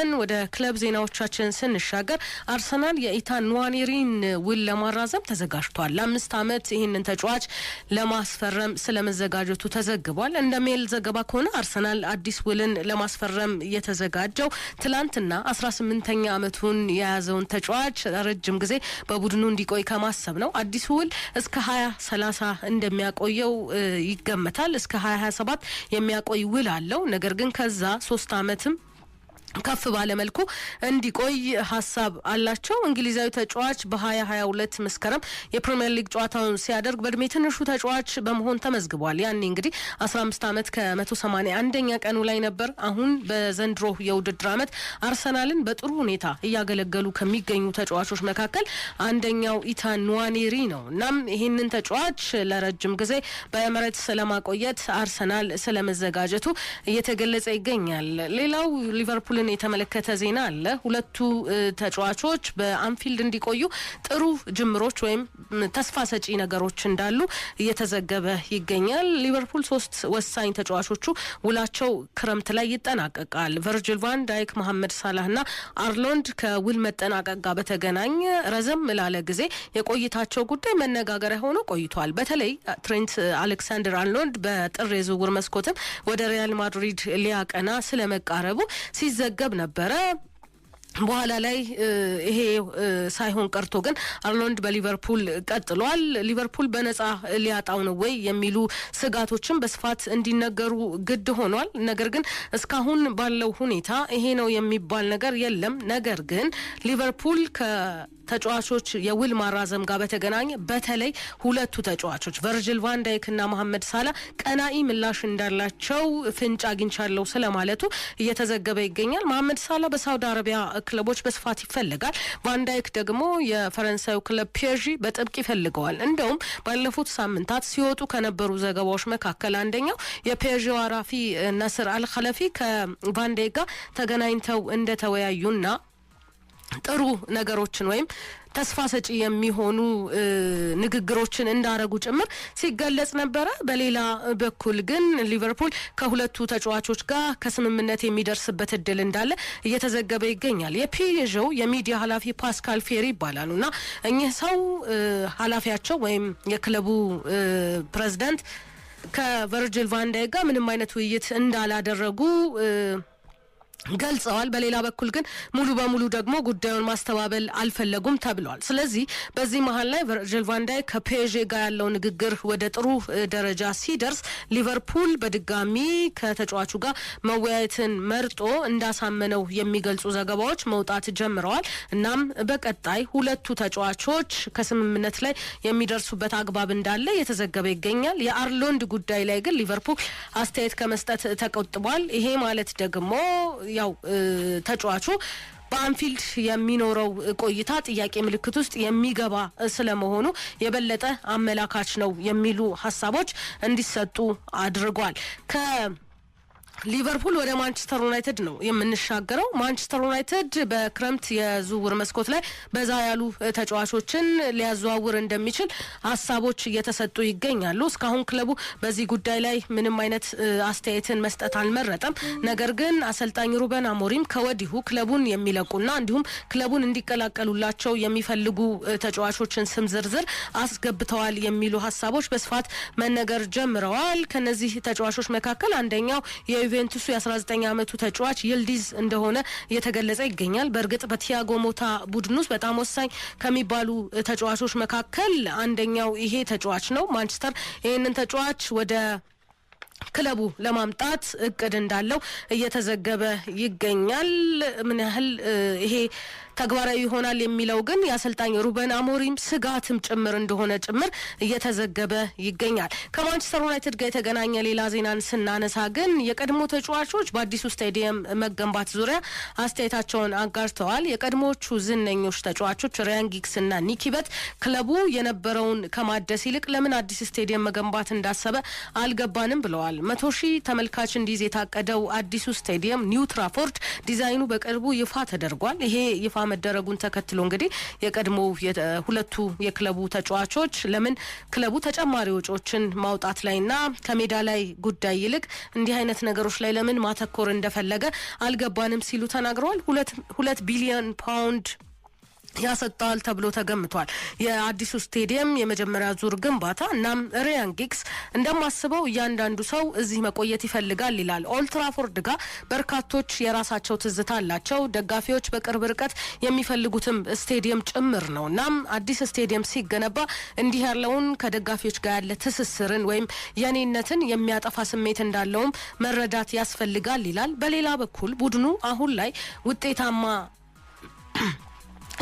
ተመልሰን ወደ ክለብ ዜናዎቻችን ስንሻገር አርሰናል የኢታን ንዋኔሪን ውል ለማራዘም ተዘጋጅቷል። ለአምስት ዓመት ይህንን ተጫዋች ለማስፈረም ስለመዘጋጀቱ ተዘግቧል። እንደ ሜል ዘገባ ከሆነ አርሰናል አዲስ ውልን ለማስፈረም የተዘጋጀው ትላንትና አስራ ስምንተኛ ዓመቱን የያዘውን ተጫዋች ረጅም ጊዜ በቡድኑ እንዲቆይ ከማሰብ ነው። አዲሱ ውል እስከ ሀያ ሰላሳ እንደሚያቆየው ይገመታል። እስከ ሀያ ሀያ ሰባት የሚያቆይ ውል አለው። ነገር ግን ከዛ ሶስት ዓመትም ከፍ ባለ መልኩ እንዲቆይ ሀሳብ አላቸው። እንግሊዛዊ ተጫዋች በሀያ ሀያ ሁለት መስከረም የፕሪምየር ሊግ ጨዋታውን ሲያደርግ በእድሜ ትንሹ ተጫዋች በመሆን ተመዝግቧል። ያኔ እንግዲህ አስራ አምስት ዓመት ከመቶ ሰማኒያ አንደኛ ቀኑ ላይ ነበር። አሁን በዘንድሮ የውድድር ዓመት አርሰናልን በጥሩ ሁኔታ እያገለገሉ ከሚገኙ ተጫዋቾች መካከል አንደኛው ኢታን ንዋኔሪ ነው። እናም ይህንን ተጫዋች ለረጅም ጊዜ በመረት ስለማቆየት አርሰናል ስለመዘጋጀቱ እየተገለጸ ይገኛል። ሌላው ሊቨርፑል ሊቨርፑልን የተመለከተ ዜና አለ። ሁለቱ ተጫዋቾች በአንፊልድ እንዲቆዩ ጥሩ ጅምሮች ወይም ተስፋ ሰጪ ነገሮች እንዳሉ እየተዘገበ ይገኛል። ሊቨርፑል ሶስት ወሳኝ ተጫዋቾቹ ውላቸው ክረምት ላይ ይጠናቀቃል። ቨርጅል ቫን ዳይክ፣ መሐመድ ሳላህ ና አርሎንድ ከውል መጠናቀቅ ጋር በተገናኘ ረዘም ላለ ጊዜ የቆይታቸው ጉዳይ መነጋገሪያ ሆኖ ቆይቷል። በተለይ ትሬንት አሌክሳንደር አርሎንድ በጥር የዝውውር መስኮትም ወደ ሪያል ማድሪድ ሊያቀና ስለመቃረቡ ሲዘ ይዘገብ ነበረ። በኋላ ላይ ይሄ ሳይሆን ቀርቶ ግን አርኖልድ በሊቨርፑል ቀጥሏል። ሊቨርፑል በነጻ ሊያጣው ነው ወይ የሚሉ ስጋቶችም በስፋት እንዲነገሩ ግድ ሆኗል። ነገር ግን እስካሁን ባለው ሁኔታ ይሄ ነው የሚባል ነገር የለም። ነገር ግን ሊቨርፑል ከ ተጫዋቾች የውል ማራዘም ጋር በተገናኘ በተለይ ሁለቱ ተጫዋቾች ቨርጅል ቫንዳይክ እና መሐመድ ሳላ ቀናኢ ምላሽ እንዳላቸው ፍንጭ አግኝቻለሁ ስለማለቱ እየተዘገበ ይገኛል። መሐመድ ሳላ በሳውዲ አረቢያ ክለቦች በስፋት ይፈልጋል። ቫንዳይክ ደግሞ የፈረንሳዩ ክለብ ፒዥ በጥብቅ ይፈልገዋል። እንደውም ባለፉት ሳምንታት ሲወጡ ከነበሩ ዘገባዎች መካከል አንደኛው የፒዥ አራፊ ነስር አልከለፊ ከቫንዳይክ ጋር ተገናኝተው እንደተወያዩና ጥሩ ነገሮችን ወይም ተስፋ ሰጪ የሚሆኑ ንግግሮችን እንዳረጉ ጭምር ሲገለጽ ነበረ። በሌላ በኩል ግን ሊቨርፑል ከሁለቱ ተጫዋቾች ጋር ከስምምነት የሚደርስበት እድል እንዳለ እየተዘገበ ይገኛል። የፒዥው የሚዲያ ኃላፊ ፓስካል ፌሪ ይባላሉ እና እኚህ ሰው ኃላፊያቸው ወይም የክለቡ ፕሬዚዳንት ከቨርጅል ቫንዳይ ጋር ምንም አይነት ውይይት እንዳላደረጉ ገልጸዋል። በሌላ በኩል ግን ሙሉ በሙሉ ደግሞ ጉዳዩን ማስተባበል አልፈለጉም ተብሏል። ስለዚህ በዚህ መሀል ላይ ቨርጅል ቫንዳይ ከፔዤ ጋር ያለው ንግግር ወደ ጥሩ ደረጃ ሲደርስ ሊቨርፑል በድጋሚ ከተጫዋቹ ጋር መወያየትን መርጦ እንዳሳመነው የሚገልጹ ዘገባዎች መውጣት ጀምረዋል። እናም በቀጣይ ሁለቱ ተጫዋቾች ከስምምነት ላይ የሚደርሱበት አግባብ እንዳለ እየተዘገበ ይገኛል። የአርሎንድ ጉዳይ ላይ ግን ሊቨርፑል አስተያየት ከመስጠት ተቆጥቧል። ይሄ ማለት ደግሞ ያው ተጫዋቹ በአንፊልድ የሚኖረው ቆይታ ጥያቄ ምልክት ውስጥ የሚገባ ስለመሆኑ የበለጠ አመላካች ነው የሚሉ ሀሳቦች እንዲሰጡ አድርጓል። ሊቨርፑል ወደ ማንቸስተር ዩናይትድ ነው የምንሻገረው። ማንቸስተር ዩናይትድ በክረምት የዝውውር መስኮት ላይ በዛ ያሉ ተጫዋቾችን ሊያዘዋውር እንደሚችል ሀሳቦች እየተሰጡ ይገኛሉ። እስካሁን ክለቡ በዚህ ጉዳይ ላይ ምንም አይነት አስተያየትን መስጠት አልመረጠም። ነገር ግን አሰልጣኝ ሩበን አሞሪም ከወዲሁ ክለቡን የሚለቁና እንዲሁም ክለቡን እንዲቀላቀሉላቸው የሚፈልጉ ተጫዋቾችን ስም ዝርዝር አስገብተዋል የሚሉ ሀሳቦች በስፋት መነገር ጀምረዋል። ከነዚህ ተጫዋቾች መካከል አንደኛው የዩቬንቱሱ የ19 ዓመቱ ተጫዋች ይልዲዝ እንደሆነ እየተገለጸ ይገኛል። በእርግጥ በቲያጎ ሞታ ቡድን ውስጥ በጣም ወሳኝ ከሚባሉ ተጫዋቾች መካከል አንደኛው ይሄ ተጫዋች ነው። ማንቸስተር ይህንን ተጫዋች ወደ ክለቡ ለማምጣት እቅድ እንዳለው እየተዘገበ ይገኛል። ምን ያህል ይሄ ተግባራዊ ይሆናል የሚለው ግን የአሰልጣኝ ሩበን አሞሪም ስጋትም ጭምር እንደሆነ ጭምር እየተዘገበ ይገኛል። ከማንቸስተር ዩናይትድ ጋር የተገናኘ ሌላ ዜናን ስናነሳ ግን የቀድሞ ተጫዋቾች በአዲሱ ስታዲየም መገንባት ዙሪያ አስተያየታቸውን አጋርተዋል። የቀድሞዎቹ ዝነኞች ተጫዋቾች ሪያን ጊግስ እና ኒኪበት ክለቡ የነበረውን ከማደስ ይልቅ ለምን አዲስ ስታዲየም መገንባት እንዳሰበ አልገባንም ብለዋል። ተከፍቷል። መቶ ሺህ ተመልካች እንዲይዝ የታቀደው አዲሱ ስቴዲየም ኒው ትራፎርድ ዲዛይኑ በቅርቡ ይፋ ተደርጓል። ይሄ ይፋ መደረጉን ተከትሎ እንግዲህ የቀድሞ ሁለቱ የክለቡ ተጫዋቾች ለምን ክለቡ ተጨማሪ ወጪዎችን ማውጣት ላይና ከሜዳ ላይ ጉዳይ ይልቅ እንዲህ አይነት ነገሮች ላይ ለምን ማተኮር እንደፈለገ አልገባንም ሲሉ ተናግረዋል። ሁለት ቢሊዮን ፓውንድ ያሰጠዋል ተብሎ ተገምቷል። የአዲሱ ስቴዲየም የመጀመሪያ ዙር ግንባታ እናም ሪያን ጊግስ እንደማስበው እያንዳንዱ ሰው እዚህ መቆየት ይፈልጋል ይላል። ኦልትራፎርድ ጋር በርካቶች የራሳቸው ትዝታ አላቸው። ደጋፊዎች በቅርብ ርቀት የሚፈልጉትም ስቴዲየም ጭምር ነው። እናም አዲስ ስቴዲየም ሲገነባ እንዲህ ያለውን ከደጋፊዎች ጋር ያለ ትስስርን ወይም የኔነትን የሚያጠፋ ስሜት እንዳለውም መረዳት ያስፈልጋል ይላል። በሌላ በኩል ቡድኑ አሁን ላይ ውጤታማ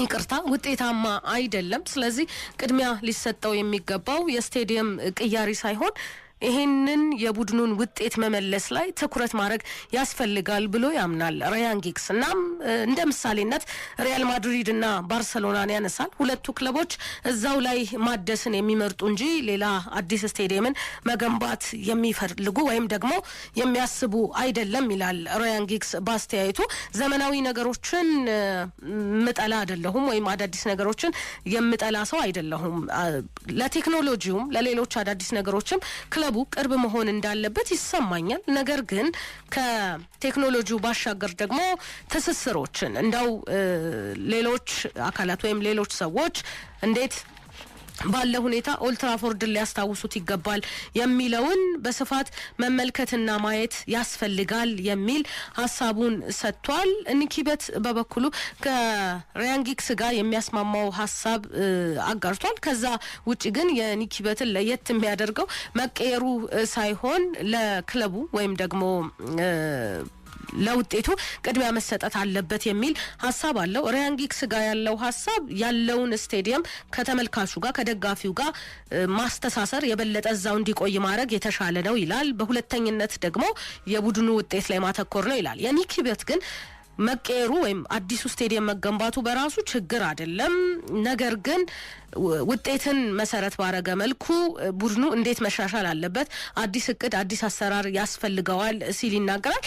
ይቅርታ ውጤታማ አይደለም። ስለዚህ ቅድሚያ ሊሰጠው የሚገባው የስቴዲየም ቅያሪ ሳይሆን ይሄንን የቡድኑን ውጤት መመለስ ላይ ትኩረት ማድረግ ያስፈልጋል ብሎ ያምናል ራያን ጊግስ። እናም እንደ ምሳሌነት ሪያል ማድሪድ እና ባርሰሎናን ያነሳል። ሁለቱ ክለቦች እዛው ላይ ማደስን የሚመርጡ እንጂ ሌላ አዲስ ስቴዲየምን መገንባት የሚፈልጉ ወይም ደግሞ የሚያስቡ አይደለም ይላል ራያን ጊግስ በአስተያየቱ። ዘመናዊ ነገሮችን ምጠላ አይደለሁም ወይም አዳዲስ ነገሮችን የምጠላ ሰው አይደለሁም። ለቴክኖሎጂውም ለሌሎች አዳዲስ ነገሮችም ለህብረተሰቡ ቅርብ መሆን እንዳለበት ይሰማኛል። ነገር ግን ከቴክኖሎጂው ባሻገር ደግሞ ትስስሮችን እንዳው ሌሎች አካላት ወይም ሌሎች ሰዎች እንዴት ባለ ሁኔታ ኦልትራፎርድን ሊያስታውሱት ይገባል የሚለውን በስፋት መመልከትና ማየት ያስፈልጋል የሚል ሀሳቡን ሰጥቷል። ኒኪበት በበኩሉ ከሪያንጊክስ ጋር የሚያስማማው ሀሳብ አጋርቷል። ከዛ ውጭ ግን የኒኪበትን ለየት የሚያደርገው መቀየሩ ሳይሆን ለክለቡ ወይም ደግሞ ለውጤቱ ቅድሚያ መሰጠት አለበት የሚል ሀሳብ አለው። ሪያን ጋር ያለው ሀሳብ ያለውን ስቴዲየም ከተመልካቹ ጋር ከደጋፊው ጋር ማስተሳሰር የበለጠ እዛው እንዲቆይ ማድረግ የተሻለ ነው ይላል። በሁለተኝነት ደግሞ የቡድኑ ውጤት ላይ ማተኮር ነው ይላል። የኒኪ ቤት ግን መቀየሩ ወይም አዲሱ ስቴዲየም መገንባቱ በራሱ ችግር አይደለም። ነገር ግን ውጤትን መሰረት ባረገ መልኩ ቡድኑ እንዴት መሻሻል አለበት፣ አዲስ እቅድ፣ አዲስ አሰራር ያስፈልገዋል ሲል ይናገራል።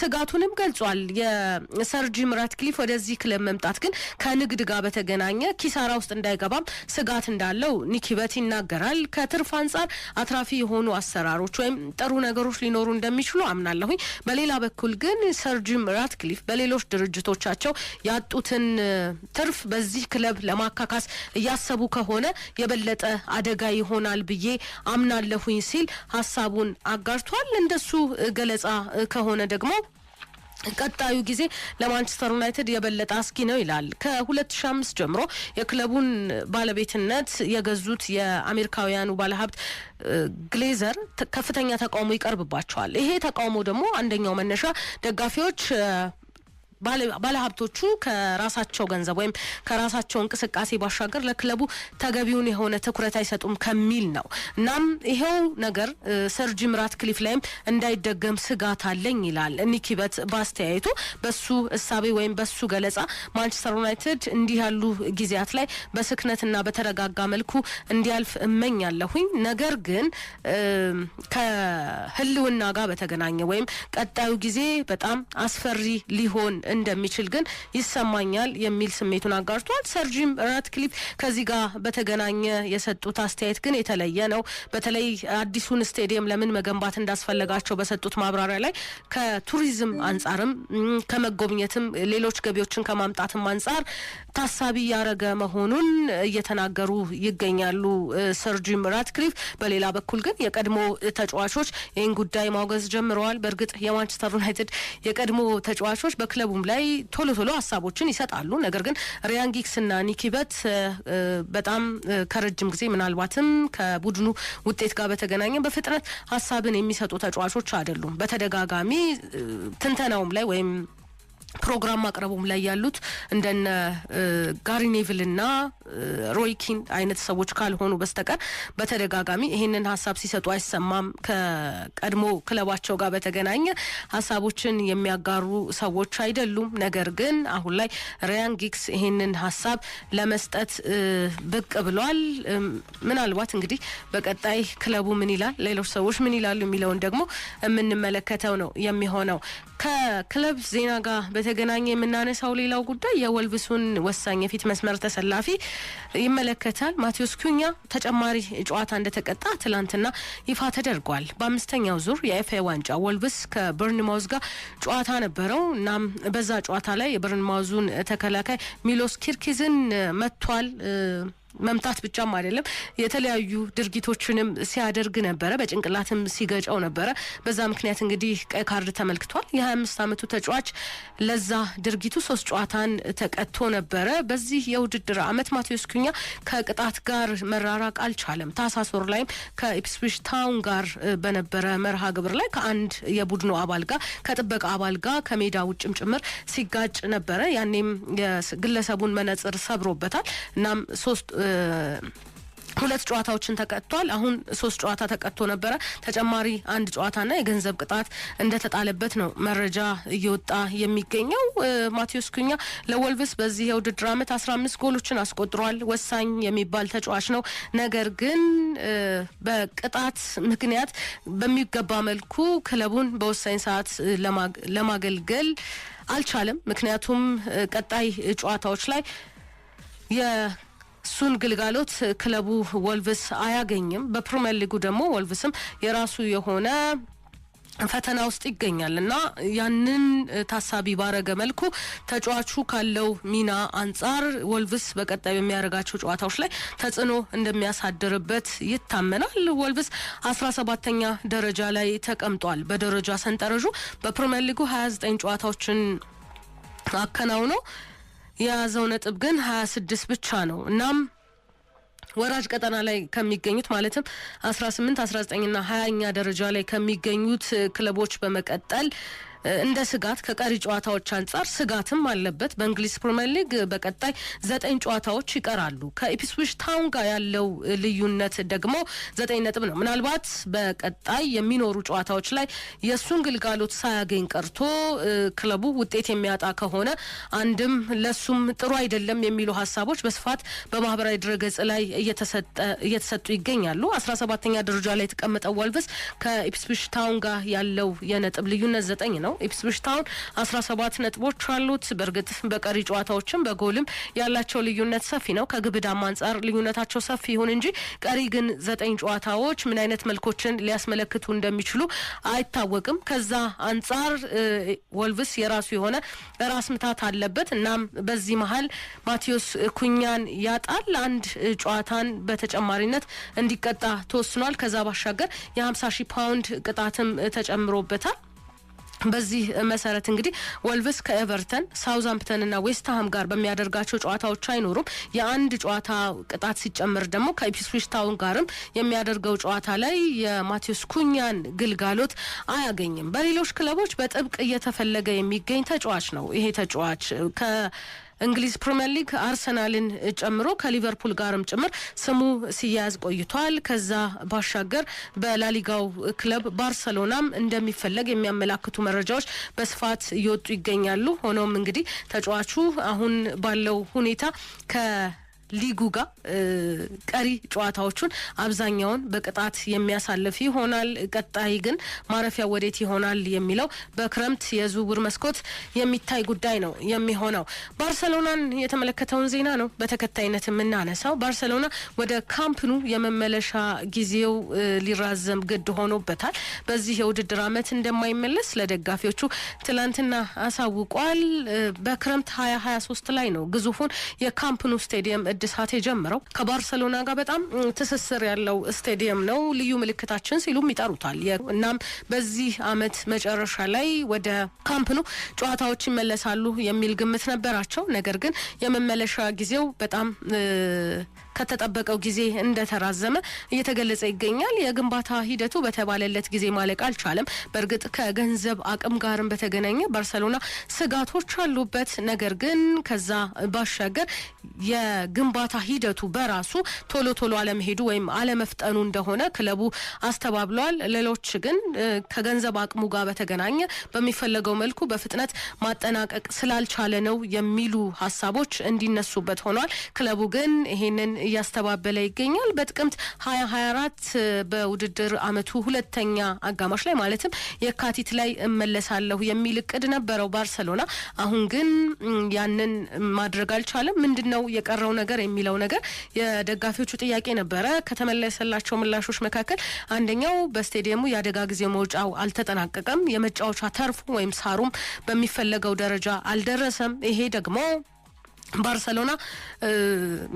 ስጋቱንም ገልጿል። የሰር ጂም ራትክሊፍ ወደዚህ ክለብ መምጣት ግን ከንግድ ጋር በተገናኘ ኪሳራ ውስጥ እንዳይገባም ስጋት እንዳለው ኒኪበት ይናገራል። ከትርፍ አንጻር አትራፊ የሆኑ አሰራሮች ወይም ጥሩ ነገሮች ሊኖሩ እንደሚችሉ አምናለሁኝ። በሌላ በኩል ግን ሰር ጂም ራትክሊፍ በሌሎ ሌሎች ድርጅቶቻቸው ያጡትን ትርፍ በዚህ ክለብ ለማካካስ እያሰቡ ከሆነ የበለጠ አደጋ ይሆናል ብዬ አምናለሁኝ ሲል ሀሳቡን አጋርቷል። እንደሱ ገለጻ ከሆነ ደግሞ ቀጣዩ ጊዜ ለማንቸስተር ዩናይትድ የበለጠ አስጊ ነው ይላል። ከ2005 ጀምሮ የክለቡን ባለቤትነት የገዙት የአሜሪካውያኑ ባለሀብት ግሌዘር ከፍተኛ ተቃውሞ ይቀርብባቸዋል። ይሄ ተቃውሞ ደግሞ አንደኛው መነሻ ደጋፊዎች ባለሀብቶቹ ከራሳቸው ገንዘብ ወይም ከራሳቸው እንቅስቃሴ ባሻገር ለክለቡ ተገቢውን የሆነ ትኩረት አይሰጡም ከሚል ነው። እናም ይሄው ነገር ሰር ጂም ራትክሊፍ ላይም እንዳይደገም ስጋት አለኝ ይላል ኒኪበት በአስተያየቱ። በሱ እሳቤ ወይም በሱ ገለጻ ማንቸስተር ዩናይትድ እንዲህ ያሉ ጊዜያት ላይ በስክነትና በተረጋጋ መልኩ እንዲያልፍ እመኛለሁኝ። ነገር ግን ከህልውና ጋር በተገናኘ ወይም ቀጣዩ ጊዜ በጣም አስፈሪ ሊሆን እንደሚችል ግን ይሰማኛል የሚል ስሜቱን አጋርቷል። ሰር ጂም ራትክሊፍ ከዚህ ጋር በተገናኘ የሰጡት አስተያየት ግን የተለየ ነው። በተለይ አዲሱን ስቴዲየም ለምን መገንባት እንዳስፈለጋቸው በሰጡት ማብራሪያ ላይ ከቱሪዝም አንጻርም ከመጎብኘትም ሌሎች ገቢዎችን ከማምጣትም አንጻር ታሳቢ ያረገ መሆኑን እየተናገሩ ይገኛሉ ሰር ጂም ራትክሊፍ። በሌላ በኩል ግን የቀድሞ ተጫዋቾች ይህን ጉዳይ ማውገዝ ጀምረዋል። በእርግጥ የማንቸስተር ዩናይትድ የቀድሞ ተጫዋቾች በክለቡም ላይ ቶሎ ቶሎ ሀሳቦችን ይሰጣሉ። ነገር ግን ሪያን ጊግስ እና ኒኪበት በጣም ከረጅም ጊዜ ምናልባትም ከቡድኑ ውጤት ጋር በተገናኘ በፍጥነት ሀሳብን የሚሰጡ ተጫዋቾች አይደሉም። በተደጋጋሚ ትንተናውም ላይ ወይም ፕሮግራም ማቅረቡም ላይ ያሉት እንደነ ጋሪ ኔቪልና ሮይኪን አይነት ሰዎች ካልሆኑ በስተቀር በተደጋጋሚ ይህንን ሀሳብ ሲሰጡ አይሰማም። ከቀድሞ ክለባቸው ጋር በተገናኘ ሀሳቦችን የሚያጋሩ ሰዎች አይደሉም። ነገር ግን አሁን ላይ ሪያን ጊግስ ይህንን ሀሳብ ለመስጠት ብቅ ብሏል። ምናልባት እንግዲህ በቀጣይ ክለቡ ምን ይላል፣ ሌሎች ሰዎች ምን ይላሉ የሚለውን ደግሞ የምንመለከተው ነው የሚሆነው። ከክለብ ዜና ጋር በተገናኘ የምናነሳው ሌላው ጉዳይ የወልብሱን ወሳኝ የፊት መስመር ተሰላፊ ይመለከታል። ማቴዎስ ኩኛ ተጨማሪ ጨዋታ እንደተቀጣ ትላንትና ይፋ ተደርጓል። በአምስተኛው ዙር የኤፍ ዋንጫ ወልብስ ከበርንማውዝ ጋር ጨዋታ ነበረው። እናም በዛ ጨዋታ ላይ የበርንማውዙን ተከላካይ ሚሎስ ኪርኪዝን መቷል። መምታት ብቻም አይደለም የተለያዩ ድርጊቶችንም ሲያደርግ ነበረ። በጭንቅላትም ሲገጨው ነበረ። በዛ ምክንያት እንግዲህ ቀይ ካርድ ተመልክቷል። የ25 ዓመቱ ተጫዋች ለዛ ድርጊቱ ሶስት ጨዋታን ተቀጥቶ ነበረ። በዚህ የውድድር ዓመት ማቴዎስ ኩኛ ከቅጣት ጋር መራራቅ አልቻለም። ታህሳስ ወር ላይም ከኢፕስዊች ታውን ጋር በነበረ መርሃ ግብር ላይ ከአንድ የቡድኑ አባል ጋር ከጥበቃ አባል ጋር ከሜዳ ውጭም ጭምር ሲጋጭ ነበረ። ያኔም ግለሰቡን መነጽር ሰብሮበታል። እናም ሶስት ሁለት ጨዋታዎችን ተቀጥቷል። አሁን ሶስት ጨዋታ ተቀጥቶ ነበረ። ተጨማሪ አንድ ጨዋታና የገንዘብ ቅጣት እንደተጣለበት ነው መረጃ እየወጣ የሚገኘው። ማቴዎስ ኩኛ ለወልቭስ በዚህ የውድድር ዓመት አስራ አምስት ጎሎችን አስቆጥሯል። ወሳኝ የሚባል ተጫዋች ነው። ነገር ግን በቅጣት ምክንያት በሚገባ መልኩ ክለቡን በወሳኝ ሰዓት ለማገልገል አልቻለም። ምክንያቱም ቀጣይ ጨዋታዎች ላይ እሱን ግልጋሎት ክለቡ ወልቭስ አያገኝም። በፕሪሚየር ሊጉ ደግሞ ወልቭስም የራሱ የሆነ ፈተና ውስጥ ይገኛል እና ያንን ታሳቢ ባረገ መልኩ ተጫዋቹ ካለው ሚና አንጻር ወልቭስ በቀጣይ በሚያደርጋቸው ጨዋታዎች ላይ ተጽዕኖ እንደሚያሳድርበት ይታመናል። ወልቭስ አስራ ሰባተኛ ደረጃ ላይ ተቀምጧል። በደረጃ ሰንጠረዡ በፕሪሚየር ሊጉ ሀያ ዘጠኝ ጨዋታዎችን አከናውነው የያዘው ነጥብ ግን ሀያ ስድስት ብቻ ነው። እናም ወራጅ ቀጠና ላይ ከሚገኙት ማለትም አስራ ስምንት አስራ ዘጠኝና ሀያኛ ደረጃ ላይ ከሚገኙት ክለቦች በመቀጠል እንደ ስጋት ከቀሪ ጨዋታዎች አንጻር ስጋትም አለበት። በእንግሊዝ ፕሪምየር ሊግ በቀጣይ ዘጠኝ ጨዋታዎች ይቀራሉ። ከኢፕስዊች ታውን ጋር ያለው ልዩነት ደግሞ ዘጠኝ ነጥብ ነው። ምናልባት በቀጣይ የሚኖሩ ጨዋታዎች ላይ የእሱን ግልጋሎት ሳያገኝ ቀርቶ ክለቡ ውጤት የሚያጣ ከሆነ አንድም ለሱም ጥሩ አይደለም የሚሉ ሀሳቦች በስፋት በማህበራዊ ድረገጽ ላይ እየተሰጡ ይገኛሉ። አስራ ሰባተኛ ደረጃ ላይ የተቀመጠው ዋልቭስ ከኢፕስዊች ታውን ጋር ያለው የነጥብ ልዩነት ዘጠኝ ነው። ነው። ኢፕስዊች ታውን አስራ ሰባት ነጥቦች አሉት። በእርግጥ በቀሪ ጨዋታዎችም በጎልም ያላቸው ልዩነት ሰፊ ነው። ከግብዳም አንጻር ልዩነታቸው ሰፊ ይሁን እንጂ ቀሪ ግን ዘጠኝ ጨዋታዎች ምን አይነት መልኮችን ሊያስመለክቱ እንደሚችሉ አይታወቅም። ከዛ አንጻር ወልቭስ የራሱ የሆነ ራስ ምታት አለበት። እናም በዚህ መሀል ማቴዎስ ኩኛን ያጣል። አንድ ጨዋታን በተጨማሪነት እንዲቀጣ ተወስኗል። ከዛ ባሻገር የሀምሳ ሺህ ፓውንድ ቅጣትም ተጨምሮበታል። በዚህ መሰረት እንግዲህ ወልቭስ ከኤቨርተን ሳውዝሃምፕተንና ዌስትሃም ጋር በሚያደርጋቸው ጨዋታዎች አይኖሩም። የአንድ ጨዋታ ቅጣት ሲጨምር ደግሞ ከኢፕስዊች ታውን ጋርም የሚያደርገው ጨዋታ ላይ የማቴዎስ ኩኛን ግልጋሎት አያገኝም። በሌሎች ክለቦች በጥብቅ እየተፈለገ የሚገኝ ተጫዋች ነው። ይሄ ተጫዋች ከ እንግሊዝ ፕሪምየር ሊግ አርሰናልን ጨምሮ ከሊቨርፑል ጋርም ጭምር ስሙ ሲያያዝ ቆይቷል። ከዛ ባሻገር በላሊጋው ክለብ ባርሰሎናም እንደሚፈለግ የሚያመላክቱ መረጃዎች በስፋት እየወጡ ይገኛሉ። ሆኖም እንግዲህ ተጫዋቹ አሁን ባለው ሁኔታ ከ ሊጉ ጋር ቀሪ ጨዋታዎቹን አብዛኛውን በቅጣት የሚያሳልፍ ይሆናል። ቀጣይ ግን ማረፊያ ወዴት ይሆናል የሚለው በክረምት የዝውውር መስኮት የሚታይ ጉዳይ ነው የሚሆነው። ባርሰሎናን የተመለከተውን ዜና ነው በተከታይነት የምናነሳው። ባርሰሎና ወደ ካምፕኑ የመመለሻ ጊዜው ሊራዘም ግድ ሆኖበታል። በዚህ የውድድር ዓመት እንደማይመለስ ለደጋፊዎቹ ትላንትና አሳውቋል። በክረምት 2023 ላይ ነው ግዙፉን የካምፕኑ ስቴዲየም እድሳት የጀመረው ከባርሰሎና ጋር በጣም ትስስር ያለው ስቴዲየም ነው፣ ልዩ ምልክታችን ሲሉም ይጠሩታል። እናም በዚህ አመት መጨረሻ ላይ ወደ ካምፕኑ ጨዋታዎች ይመለሳሉ የሚል ግምት ነበራቸው። ነገር ግን የመመለሻ ጊዜው በጣም ከተጠበቀው ጊዜ እንደተራዘመ እየተገለጸ ይገኛል። የግንባታ ሂደቱ በተባለለት ጊዜ ማለቅ አልቻለም። በእርግጥ ከገንዘብ አቅም ጋርም በተገናኘ ባርሰሎና ስጋቶች አሉበት። ነገር ግን ከዛ ባሻገር የግንባታ ሂደቱ በራሱ ቶሎ ቶሎ አለመሄዱ ወይም አለመፍጠኑ እንደሆነ ክለቡ አስተባብሏል። ሌሎች ግን ከገንዘብ አቅሙ ጋር በተገናኘ በሚፈለገው መልኩ በፍጥነት ማጠናቀቅ ስላልቻለ ነው የሚሉ ሀሳቦች እንዲነሱበት ሆኗል። ክለቡ ግን ይሄንን እያስተባበለ ይገኛል። በጥቅምት ሀያ በውድድር አመቱ ሁለተኛ አጋማሽ ላይ ማለትም የካቲት ላይ እመለሳለሁ የሚል እቅድ ነበረው ባርሰሎና። አሁን ግን ያንን ማድረግ አልቻለም። ምንድን ነው የቀረው ነገር የሚለው ነገር የደጋፊዎቹ ጥያቄ ነበረ። ከተመለሰላቸው ምላሾች መካከል አንደኛው በስቴዲየሙ የአደጋ ጊዜ መውጫው አልተጠናቀቀም፣ የመጫወቻ ተርፉ ወይም ሳሩም በሚፈለገው ደረጃ አልደረሰም። ይሄ ደግሞ ባርሰሎና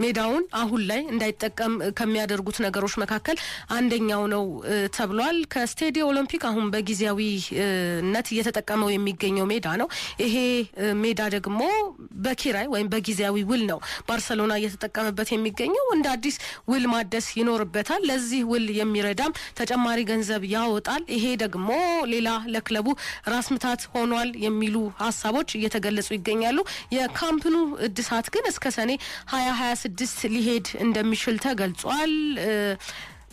ሜዳውን አሁን ላይ እንዳይጠቀም ከሚያደርጉት ነገሮች መካከል አንደኛው ነው ተብሏል። ከስቴዲዮ ኦሎምፒክ አሁን በጊዜያዊነት እየተጠቀመው የሚገኘው ሜዳ ነው። ይሄ ሜዳ ደግሞ በኪራይ ወይም በጊዜያዊ ውል ነው ባርሰሎና እየተጠቀመበት የሚገኘው። እንደ አዲስ ውል ማደስ ይኖርበታል። ለዚህ ውል የሚረዳም ተጨማሪ ገንዘብ ያወጣል። ይሄ ደግሞ ሌላ ለክለቡ ራስ ምታት ሆኗል የሚሉ ሀሳቦች እየተገለጹ ይገኛሉ። የካምፕኑ እድሳት ግን እስከ ሰኔ ሀያ ሀያ ስድስት ሊሄድ እንደሚችል ተገልጿል።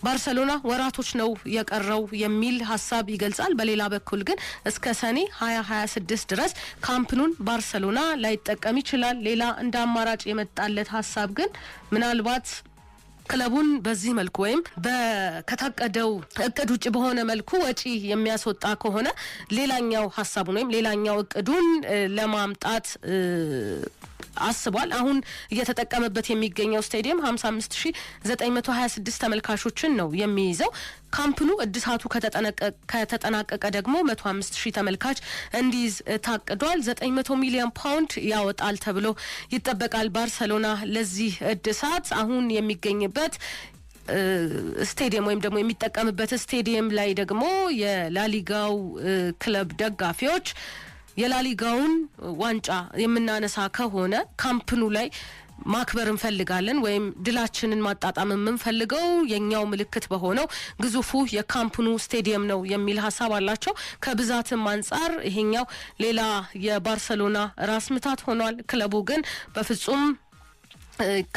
ባርሰሎና ወራቶች ነው የቀረው የሚል ሀሳብ ይገልጻል። በሌላ በኩል ግን እስከ ሰኔ 2026 ድረስ ካምፕኑን ባርሰሎና ላይጠቀም ይችላል። ሌላ እንደ አማራጭ የመጣለት ሀሳብ ግን ምናልባት ክለቡን በዚህ መልኩ ወይም ከታቀደው እቅድ ውጭ በሆነ መልኩ ወጪ የሚያስወጣ ከሆነ ሌላኛው ሀሳቡን ወይም ሌላኛው እቅዱን ለማምጣት አስቧል። አሁን እየተጠቀመበት የሚገኘው ስታዲየም ሀምሳ አምስት ሺ ዘጠኝ መቶ ሀያ ስድስት ተመልካቾችን ነው የሚይዘው። ካምፕኑ እድሳቱ ከተጠናቀቀ ደግሞ መቶ አምስት ሺህ ተመልካች እንዲይዝ ታቅዷል። ዘጠኝ መቶ ሚሊዮን ፓውንድ ያወጣል ተብሎ ይጠበቃል። ባርሰሎና ለዚህ እድሳት አሁን የሚገኝበት ስቴዲየም ወይም ደግሞ የሚጠቀምበት ስቴዲየም ላይ ደግሞ የላሊጋው ክለብ ደጋፊዎች የላሊጋውን ዋንጫ የምናነሳ ከሆነ ካምፕኑ ላይ ማክበር እንፈልጋለን ወይም ድላችንን ማጣጣም የምንፈልገው የኛው ምልክት በሆነው ግዙፉ የካምፕኑ ስቴዲየም ነው የሚል ሀሳብ አላቸው። ከብዛትም አንጻር ይሄኛው ሌላ የባርሰሎና ራስ ምታት ሆኗል። ክለቡ ግን በፍጹም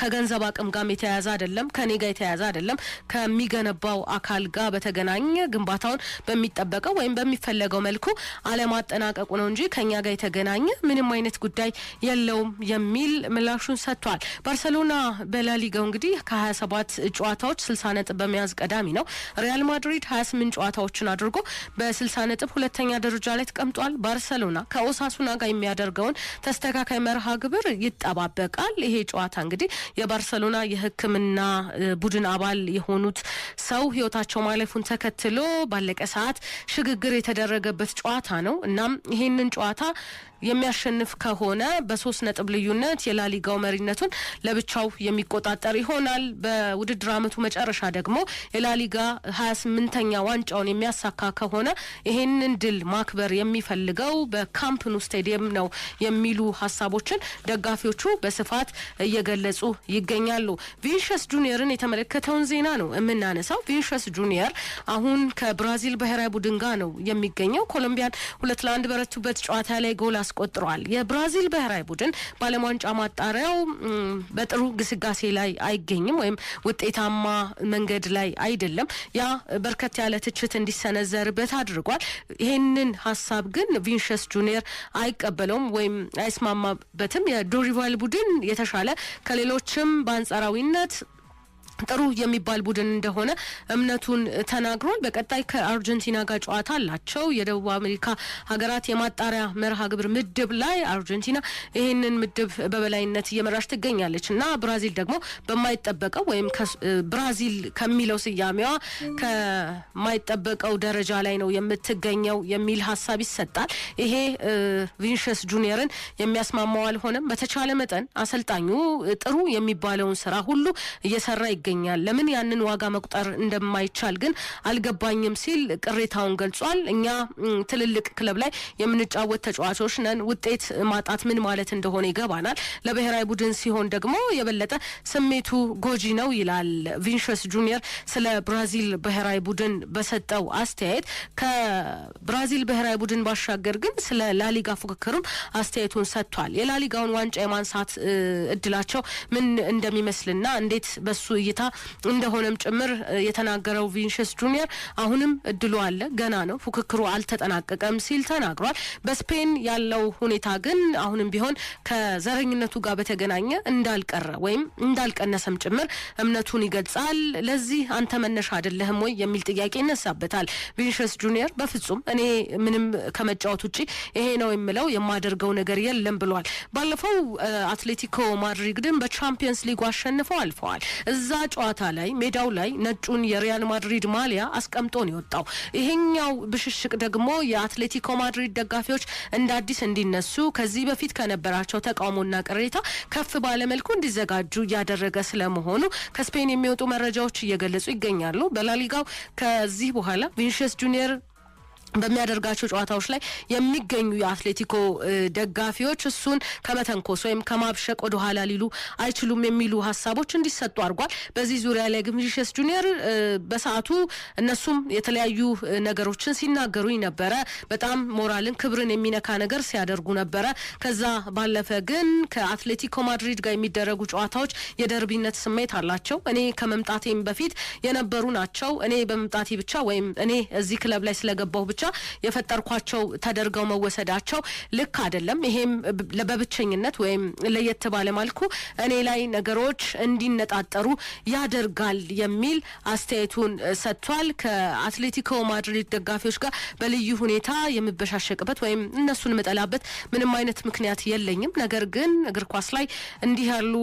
ከገንዘብ አቅም ጋም የተያያዘ አይደለም። ከኔ ጋር የተያያዘ አይደለም። ከሚገነባው አካል ጋር በተገናኘ ግንባታውን በሚጠበቀው ወይም በሚፈለገው መልኩ አለማጠናቀቁ ነው እንጂ ከኛ ጋር የተገናኘ ምንም አይነት ጉዳይ የለውም የሚል ምላሹን ሰጥቷል። ባርሰሎና በላሊጋው እንግዲህ ከ27 ጨዋታዎች 60 ነጥብ በመያዝ ቀዳሚ ነው። ሪያል ማድሪድ 28 ጨዋታዎችን አድርጎ በ60 ነጥብ ሁለተኛ ደረጃ ላይ ተቀምጧል። ባርሰሎና ከኦሳሱና ጋር የሚያደርገውን ተስተካካይ መርሃ ግብር ይጠባበቃል። ይሄ ጨዋታ እንግዲህ የባርሰሎና የሕክምና ቡድን አባል የሆኑት ሰው ህይወታቸው ማለፉን ተከትሎ ባለቀ ሰዓት ሽግግር የተደረገበት ጨዋታ ነው። እናም ይህንን ጨዋታ የሚያሸንፍ ከሆነ በሶስት ነጥብ ልዩነት የላሊጋው መሪነቱን ለብቻው የሚቆጣጠር ይሆናል። በውድድር ዓመቱ መጨረሻ ደግሞ የላሊጋ ሀያ ስምንተኛ ዋንጫውን የሚያሳካ ከሆነ ይህንን ድል ማክበር የሚፈልገው በካምፕኑ ስቴዲየም ነው የሚሉ ሀሳቦችን ደጋፊዎቹ በስፋት እየገለ እየገለጹ ይገኛሉ። ቪንሸስ ጁኒየርን የተመለከተውን ዜና ነው የምናነሳው። ቪንሸስ ጁኒየር አሁን ከብራዚል ብሔራዊ ቡድን ጋር ነው የሚገኘው። ኮሎምቢያን ሁለት ለአንድ በረቱበት ጨዋታ ላይ ጎል አስቆጥሯል። የብራዚል ብሔራዊ ቡድን በዓለም ዋንጫ ማጣሪያው በጥሩ ግስጋሴ ላይ አይገኝም ወይም ውጤታማ መንገድ ላይ አይደለም። ያ በርከት ያለ ትችት እንዲሰነዘርበት አድርጓል። ይህንን ሀሳብ ግን ቪንሸስ ጁኒየር አይቀበለውም ወይም አይስማማበትም። የዶሪቫል ቡድን የተሻለ ከሌሎችም በአንጻራዊነት ጥሩ የሚባል ቡድን እንደሆነ እምነቱን ተናግሯል። በቀጣይ ከአርጀንቲና ጋር ጨዋታ አላቸው። የደቡብ አሜሪካ ሀገራት የማጣሪያ መርሃ ግብር ምድብ ላይ አርጀንቲና ይህንን ምድብ በበላይነት እየመራች ትገኛለች እና ብራዚል ደግሞ በማይጠበቀው ወይም ብራዚል ከሚለው ስያሜዋ ከማይጠበቀው ደረጃ ላይ ነው የምትገኘው የሚል ሀሳብ ይሰጣል። ይሄ ቪንሸስ ጁኒየርን የሚያስማማው አልሆነም። በተቻለ መጠን አሰልጣኙ ጥሩ የሚባለውን ስራ ሁሉ እየሰራ ይገኛል። ይገኛል። ለምን ያንን ዋጋ መቁጠር እንደማይቻል ግን አልገባኝም ሲል ቅሬታውን ገልጿል። እኛ ትልልቅ ክለብ ላይ የምንጫወት ተጫዋቾች ነን። ውጤት ማጣት ምን ማለት እንደሆነ ይገባናል። ለብሔራዊ ቡድን ሲሆን ደግሞ የበለጠ ስሜቱ ጎጂ ነው ይላል። ቪንሸስ ጁኒየር ስለ ብራዚል ብሔራዊ ቡድን በሰጠው አስተያየት ከብራዚል ብሔራዊ ቡድን ባሻገር ግን ስለ ላሊጋ ፉክክሩም አስተያየቱን ሰጥቷል። የላሊጋውን ዋንጫ የማንሳት እድላቸው ምን እንደሚመስልና እንዴት በሱ እይታ ሁኔታ እንደሆነም ጭምር የተናገረው ቪንሽስ ጁኒየር አሁንም እድሉ አለ፣ ገና ነው፣ ፉክክሩ አልተጠናቀቀም ሲል ተናግሯል። በስፔን ያለው ሁኔታ ግን አሁንም ቢሆን ከዘረኝነቱ ጋር በተገናኘ እንዳልቀረ ወይም እንዳልቀነሰም ጭምር እምነቱን ይገልጻል። ለዚህ አንተ መነሻ አይደለህም ወይ የሚል ጥያቄ ይነሳበታል። ቪንሽስ ጁኒየር በፍጹም እኔ ምንም ከመጫወት ውጭ ይሄ ነው የምለው የማደርገው ነገር የለም ብሏል። ባለፈው አትሌቲኮ ማድሪድን በቻምፒየንስ ሊጉ አሸንፈው አልፈዋል። እዛ ጨዋታ ላይ ሜዳው ላይ ነጩን የሪያል ማድሪድ ማሊያ አስቀምጦ ነው የወጣው። ይሄኛው ብሽሽቅ ደግሞ የአትሌቲኮ ማድሪድ ደጋፊዎች እንደ አዲስ እንዲነሱ ከዚህ በፊት ከነበራቸው ተቃውሞና ቅሬታ ከፍ ባለመልኩ እንዲዘጋጁ እያደረገ ስለመሆኑ ከስፔን የሚወጡ መረጃዎች እየገለጹ ይገኛሉ። በላሊጋው ከዚህ በኋላ ቪኒሽስ ጁኒየር በሚያደርጋቸው ጨዋታዎች ላይ የሚገኙ የአትሌቲኮ ደጋፊዎች እሱን ከመተንኮስ ወይም ከማብሸቅ ወደኋላ ሊሉ አይችሉም የሚሉ ሀሳቦች እንዲሰጡ አድርጓል። በዚህ ዙሪያ ላይ ግን ጁኒየር በሰዓቱ እነሱም የተለያዩ ነገሮችን ሲናገሩኝ ነበረ። በጣም ሞራልን፣ ክብርን የሚነካ ነገር ሲያደርጉ ነበረ። ከዛ ባለፈ ግን ከአትሌቲኮ ማድሪድ ጋር የሚደረጉ ጨዋታዎች የደርቢነት ስሜት አላቸው። እኔ ከመምጣቴም በፊት የነበሩ ናቸው። እኔ በመምጣቴ ብቻ ወይም እኔ እዚህ ክለብ ላይ ስለገባሁ ብቻ ብቻ የፈጠርኳቸው ተደርገው መወሰዳቸው ልክ አይደለም። ይሄም በብቸኝነት ወይም ለየት ባለ መልኩ እኔ ላይ ነገሮች እንዲነጣጠሩ ያደርጋል የሚል አስተያየቱን ሰጥቷል። ከአትሌቲኮ ማድሪድ ደጋፊዎች ጋር በልዩ ሁኔታ የምበሻሸቅበት ወይም እነሱን የምጠላበት ምንም አይነት ምክንያት የለኝም። ነገር ግን እግር ኳስ ላይ እንዲህ ያሉ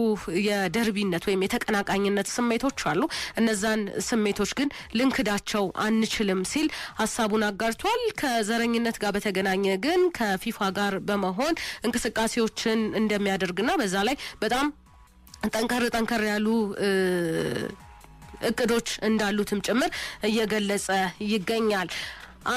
የደርቢነት ወይም የተቀናቃኝነት ስሜቶች አሉ። እነዛን ስሜቶች ግን ልንክዳቸው አንችልም ሲል ሀሳቡን አጋርቷል። ተመልክቷል። ከዘረኝነት ጋር በተገናኘ ግን ከፊፋ ጋር በመሆን እንቅስቃሴዎችን እንደሚያደርግና በዛ ላይ በጣም ጠንከር ጠንከር ያሉ እቅዶች እንዳሉትም ጭምር እየገለጸ ይገኛል።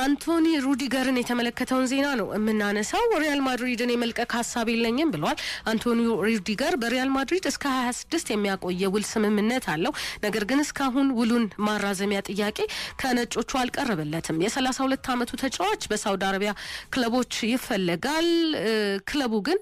አንቶኒ ሩዲገርን የተመለከተውን ዜና ነው የምናነሳው። ሪያል ማድሪድን የመልቀቅ ሀሳብ የለኝም ብሏል። አንቶኒ ሩዲገር በሪያል ማድሪድ እስከ 26 የሚያቆየ ውል ስምምነት አለው። ነገር ግን እስካሁን ውሉን ማራዘሚያ ጥያቄ ከነጮቹ አልቀረበለትም። የ32 ዓመቱ ተጫዋች በሳውዲ አረቢያ ክለቦች ይፈለጋል። ክለቡ ግን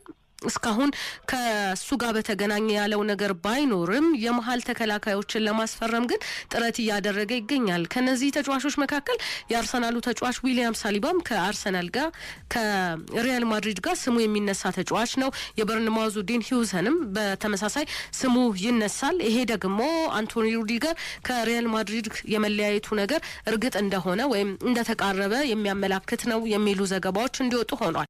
እስካሁን ከሱ ጋር በተገናኘ ያለው ነገር ባይኖርም የመሀል ተከላካዮችን ለማስፈረም ግን ጥረት እያደረገ ይገኛል። ከነዚህ ተጫዋቾች መካከል የአርሰናሉ ተጫዋች ዊሊያም ሳሊባም ከአርሰናል ጋር ከሪያል ማድሪድ ጋር ስሙ የሚነሳ ተጫዋች ነው። የበርንማውዙ ዲን ሂውዘንም በተመሳሳይ ስሙ ይነሳል። ይሄ ደግሞ አንቶኒ ሩዲገር ከሪያል ማድሪድ የመለያየቱ ነገር እርግጥ እንደሆነ ወይም እንደተቃረበ የሚያመላክት ነው የሚሉ ዘገባዎች እንዲወጡ ሆኗል።